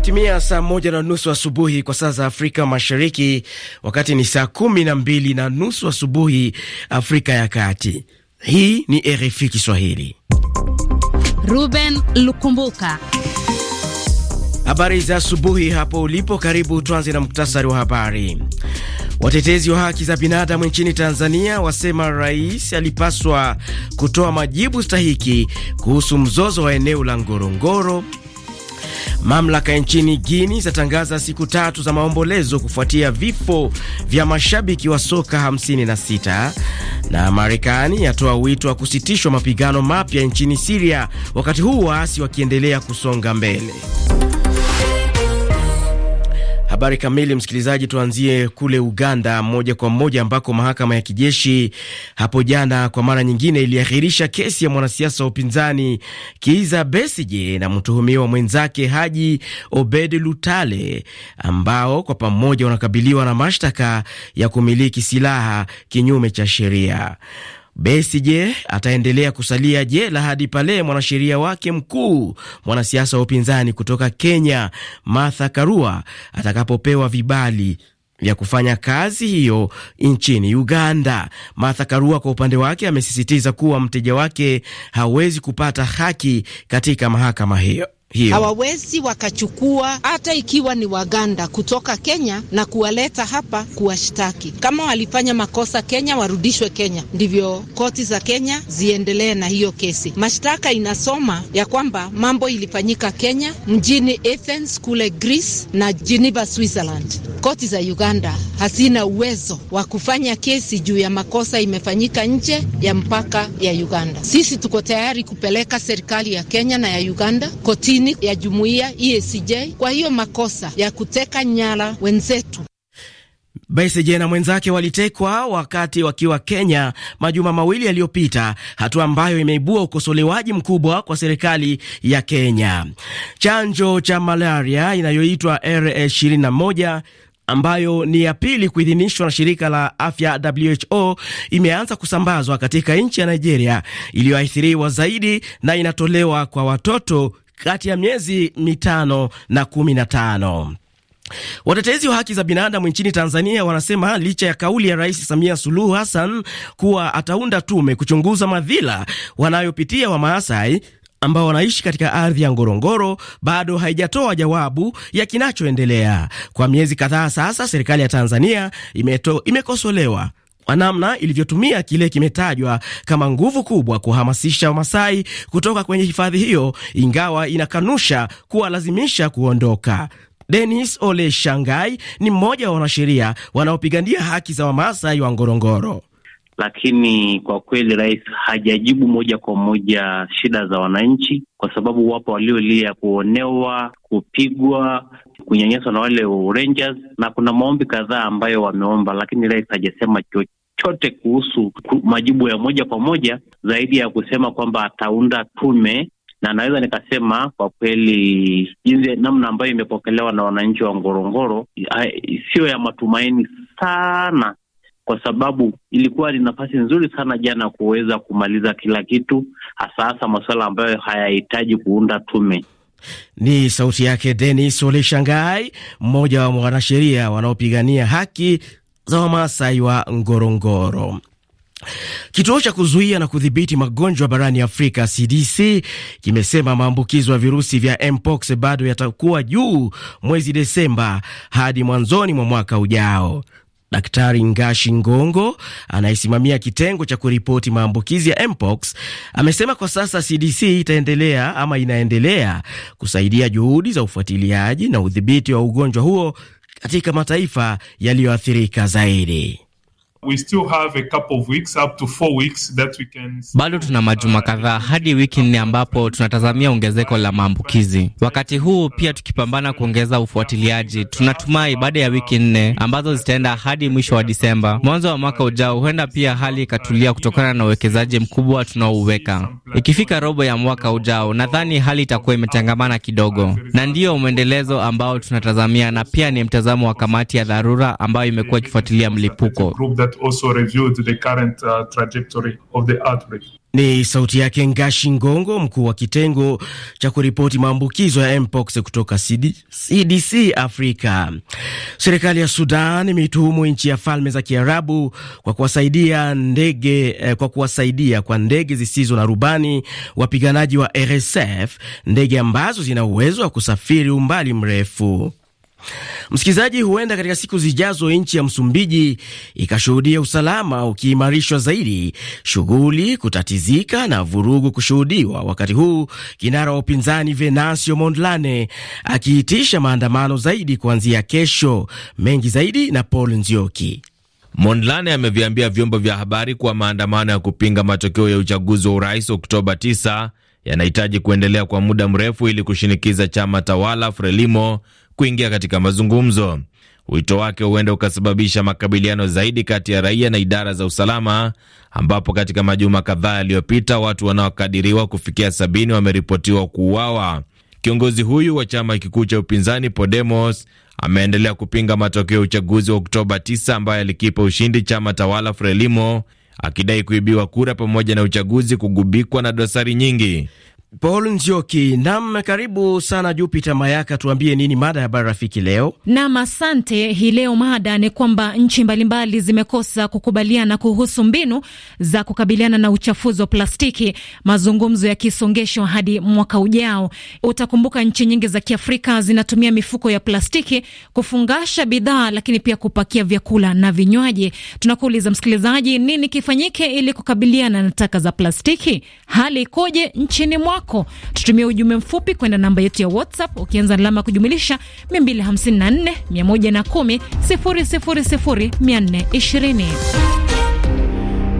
Imetimia saa moja na nusu asubuhi kwa saa za Afrika Mashariki, wakati ni saa kumi na mbili na nusu asubuhi Afrika ya Kati. Hii ni RFI Kiswahili. Ruben Lukumbuka, habari za asubuhi hapo ulipo. Karibu tuanze na muktasari wa habari. Watetezi wa haki za binadamu nchini Tanzania wasema rais alipaswa kutoa majibu stahiki kuhusu mzozo wa eneo la Ngorongoro Mamlaka nchini Guini zatangaza siku tatu za maombolezo kufuatia vifo vya mashabiki wa soka 56 na Marekani yatoa wito wa kusitishwa mapigano mapya nchini Siria, wakati huu waasi wakiendelea kusonga mbele. Habari kamili, msikilizaji, tuanzie kule Uganda moja kwa moja, ambako mahakama ya kijeshi hapo jana kwa mara nyingine iliahirisha kesi ya mwanasiasa wa upinzani Kiiza Besije na mtuhumiwa mwenzake Haji Obed Lutale, ambao kwa pamoja wanakabiliwa na mashtaka ya kumiliki silaha kinyume cha sheria. Besigye ataendelea kusalia jela hadi pale mwanasheria wake mkuu, mwanasiasa wa upinzani kutoka Kenya, Martha Karua atakapopewa vibali vya kufanya kazi hiyo nchini Uganda. Martha Karua kwa upande wake amesisitiza kuwa mteja wake hawezi kupata haki katika mahakama hiyo hiyo. Hawawezi wakachukua hata ikiwa ni Waganda kutoka Kenya na kuwaleta hapa kuwashtaki. Kama walifanya makosa Kenya, warudishwe Kenya, ndivyo koti za Kenya ziendelee na hiyo kesi. Mashtaka inasoma ya kwamba mambo ilifanyika Kenya, mjini Athens kule Greece na Geneva Switzerland. Koti za Uganda hazina uwezo wa kufanya kesi juu ya makosa imefanyika nje ya mpaka ya Uganda. Sisi tuko tayari kupeleka serikali ya Kenya na ya Uganda kotini chini ya jumuiya EACJ. Kwa hiyo makosa ya kuteka nyara wenzetu Besigye na mwenzake walitekwa wakati wakiwa Kenya majuma mawili yaliyopita, hatua ambayo imeibua ukosolewaji mkubwa kwa serikali ya Kenya. Chanjo cha malaria inayoitwa R21 ambayo ni ya pili kuidhinishwa na shirika la afya WHO imeanza kusambazwa katika nchi ya Nigeria iliyoathiriwa zaidi na inatolewa kwa watoto kati ya miezi mitano na kumi na tano. Watetezi wa haki za binadamu nchini Tanzania wanasema licha ya kauli ya Rais Samia Suluhu Hassan kuwa ataunda tume kuchunguza madhila wanayopitia Wamaasai ambao wanaishi katika ardhi ya Ngorongoro bado haijatoa jawabu ya kinachoendelea. Kwa miezi kadhaa sasa, serikali ya Tanzania imekosolewa namna ilivyotumia kile kimetajwa kama nguvu kubwa kuhamasisha Wamasai kutoka kwenye hifadhi hiyo, ingawa inakanusha kuwalazimisha kuondoka. Denis Ole Shangai ni mmoja wa wanasheria wanaopigania haki za Wamasai wa Ngorongoro. Lakini kwa kweli rais hajajibu moja kwa moja shida za wananchi, kwa sababu wapo waliolia kuonewa, kupigwa, kunyanyaswa na wale Rangers, na kuna maombi kadhaa ambayo wameomba, lakini rais hajasema chochote chochote kuhusu majibu ya moja kwa moja zaidi ya kusema kwamba ataunda tume na naweza nikasema kwa kweli jinsi namna ambayo imepokelewa na wananchi wa Ngorongoro siyo ya matumaini sana, kwa sababu ilikuwa ni nafasi nzuri sana jana kuweza kumaliza kila kitu, hasa hasa masuala ambayo hayahitaji kuunda tume. Ni sauti yake Denis Ole Shangai, mmoja wa wanasheria wanaopigania haki za Wamasai wa Ngorongoro. Kituo cha kuzuia na kudhibiti magonjwa barani Afrika CDC kimesema maambukizo ya virusi vya mpox bado yatakuwa juu mwezi Desemba hadi mwanzoni mwa mwaka ujao. Daktari Ngashi Ngongo anayesimamia kitengo cha kuripoti maambukizi ya mpox amesema kwa sasa CDC itaendelea ama inaendelea kusaidia juhudi za ufuatiliaji na udhibiti wa ugonjwa huo katika mataifa yaliyoathirika zaidi. We still have a couple of weeks, up to four weeks that we can... Bado tuna majuma uh, kadhaa hadi wiki nne ambapo tunatazamia ongezeko la maambukizi. Wakati huu pia tukipambana kuongeza ufuatiliaji, tunatumai baada ya wiki nne ambazo zitaenda hadi mwisho wa Disemba, mwanzo wa mwaka ujao, huenda pia hali ikatulia kutokana na uwekezaji mkubwa tunaouweka. Ikifika robo ya mwaka ujao, nadhani hali itakuwa imetangamana kidogo, na ndiyo mwendelezo ambao tunatazamia, na pia ni mtazamo wa kamati ya dharura ambayo imekuwa ikifuatilia mlipuko that also reviewed the current uh, trajectory of the outbreak. Ni sauti yake Ngashi Ngongo, mkuu wa kitengo cha kuripoti maambukizo ya mpox kutoka CD, CDC Afrika. Serikali ya Sudan imeituhumu nchi ya Falme za Kiarabu kwa kuwasaidia ndege eh, kwa kuwasaidia kwa ndege zisizo na rubani wapiganaji wa RSF, ndege ambazo zina uwezo wa kusafiri umbali mrefu. Msikilizaji, huenda katika siku zijazo nchi ya Msumbiji ikashuhudia usalama ukiimarishwa zaidi, shughuli kutatizika na vurugu kushuhudiwa, wakati huu kinara wa upinzani Venancio Mondlane akiitisha maandamano zaidi kuanzia kesho. Mengi zaidi na Paul Nzioki. Mondlane ameviambia vyombo vya habari kuwa maandamano ya kupinga matokeo ya uchaguzi wa urais Oktoba 9 yanahitaji kuendelea kwa muda mrefu ili kushinikiza chama tawala Frelimo kuingia katika mazungumzo. Wito wake huenda ukasababisha makabiliano zaidi kati ya raia na idara za usalama, ambapo katika majuma kadhaa yaliyopita watu wanaokadiriwa kufikia sabini wameripotiwa kuuawa. Kiongozi huyu wa chama kikuu cha upinzani Podemos ameendelea kupinga matokeo ya uchaguzi wa Oktoba 9 ambayo alikipa ushindi chama tawala Frelimo, akidai kuibiwa kura pamoja na uchaguzi kugubikwa na dosari nyingi. Paul Nzioki. Nam, karibu sana Jupita Mayaka, tuambie nini mada ya habari rafiki leo? Nam, asante. Hii leo mada ni kwamba nchi mbalimbali zimekosa kukubaliana kuhusu mbinu za kukabiliana na uchafuzi wa plastiki, mazungumzo yakisongeshwa hadi mwaka ujao. Utakumbuka nchi nyingi za Kiafrika zinatumia mifuko ya plastiki kufungasha bidhaa, lakini pia kupakia vyakula na vinywaji. Tunakuuliza msikilizaji, nini kifanyike ili kukabiliana na taka za plastiki? Hali ikoje nchini mwaka? wako. Tutumie ujumbe mfupi kwenda namba yetu ya WhatsApp ukianza alama kujumulisha 254 110 000 420.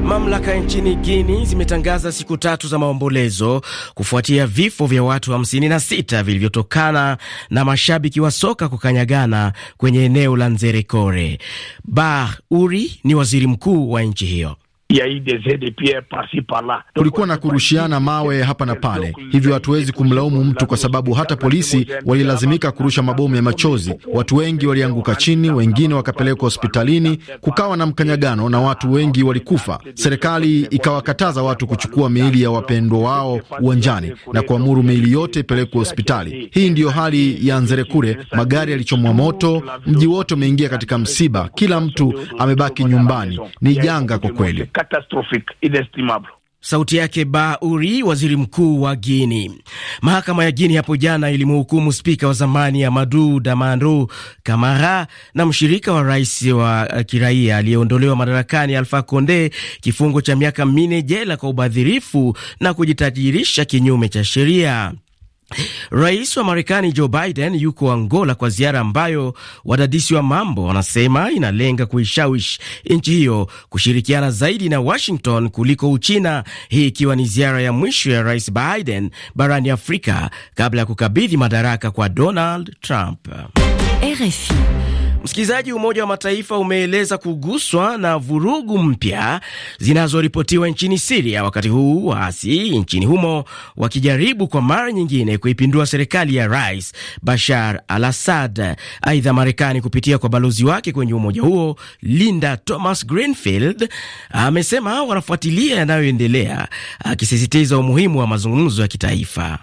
Mamlaka nchini Guini zimetangaza siku tatu za maombolezo kufuatia vifo vya watu 56 wa vilivyotokana na mashabiki wa soka kukanyagana kwenye eneo la Nzerekore. Bah Uri ni waziri mkuu wa nchi hiyo ya IDZ pia pasi pala kulikuwa na kurushiana mawe hapa na pale, hivyo hatuwezi kumlaumu mtu kwa sababu hata polisi walilazimika kurusha mabomu ya machozi. Watu wengi walianguka chini, wengine wakapelekwa hospitalini, kukawa na mkanyagano na watu wengi walikufa. Serikali ikawakataza watu kuchukua miili ya wapendwa wao uwanjani na kuamuru miili yote ipelekwe hospitali. Hii ndiyo hali ya Nzerekure. Magari yalichomwa moto, mji wote umeingia katika msiba, kila mtu amebaki nyumbani. Ni janga kwa kweli catastrophique, inestimable. Sauti yake Bauri, waziri mkuu wa Guini. Mahakama ya Guini hapo jana ilimhukumu spika wa zamani Amadu Damando Kamara na mshirika wa rais wa eh, kiraia aliyeondolewa madarakani Alfa Conde kifungo cha miaka minne jela kwa ubadhirifu na kujitajirisha kinyume cha sheria. Rais wa Marekani Joe Biden yuko Angola kwa ziara ambayo wadadisi wa mambo wanasema inalenga kuishawishi nchi hiyo kushirikiana zaidi na Washington kuliko Uchina, hii ikiwa ni ziara ya mwisho ya Rais Biden barani Afrika kabla ya kukabidhi madaraka kwa Donald Trump. RFI. Msikilizaji, Umoja wa Mataifa umeeleza kuguswa na vurugu mpya zinazoripotiwa nchini Siria, wakati huu waasi nchini humo wakijaribu kwa mara nyingine kuipindua serikali ya Rais Bashar al Assad. Aidha, Marekani kupitia kwa balozi wake kwenye umoja huo Linda Thomas Greenfield amesema wanafuatilia yanayoendelea, akisisitiza umuhimu wa mazungumzo ya kitaifa.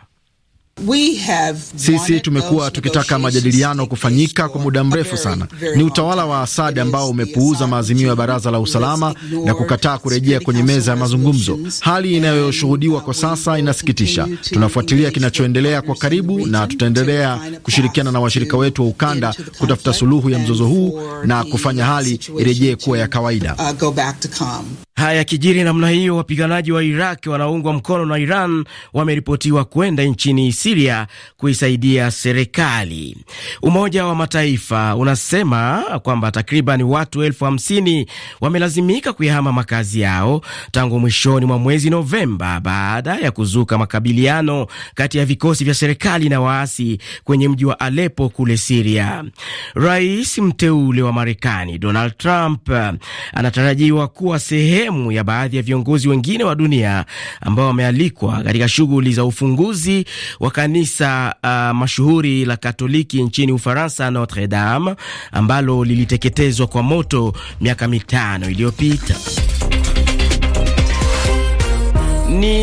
Sisi tumekuwa tukitaka majadiliano kufanyika kwa muda mrefu sana. Ni utawala wa Asadi ambao umepuuza maazimio ya Baraza la Usalama na kukataa kurejea kwenye meza ya mazungumzo. Hali inayoshuhudiwa kwa sasa inasikitisha. Tunafuatilia kinachoendelea kwa karibu na tutaendelea kushirikiana na washirika wetu wa ukanda kutafuta suluhu ya mzozo huu na kufanya hali irejee kuwa ya kawaida. Uh, Haya kijiri namna hiyo, wapiganaji wa Iraq wanaoungwa mkono na Iran wameripotiwa kwenda nchini Siria kuisaidia serikali. Umoja wa Mataifa unasema kwamba takriban watu elfu hamsini wamelazimika kuyahama makazi yao tangu mwishoni mwa mwezi Novemba baada ya kuzuka makabiliano kati ya vikosi vya serikali na waasi kwenye mji wa Alepo kule Siria. Rais mteule wa Marekani Donald Trump anatarajiwa kuwa sehemu sehemu ya baadhi ya viongozi wengine wa dunia ambao wamealikwa katika shughuli za ufunguzi wa kanisa uh, mashuhuri la Katoliki nchini Ufaransa, Notre Dame, ambalo liliteketezwa kwa moto miaka mitano iliyopita. Ni